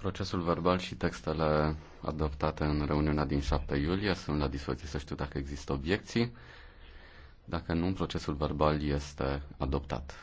Procesul verbal și textele adoptate în reuniunea din 7 iulie sunt la dispoziție să știu dacă există obiecții. Dacă nu, procesul verbal este adoptat.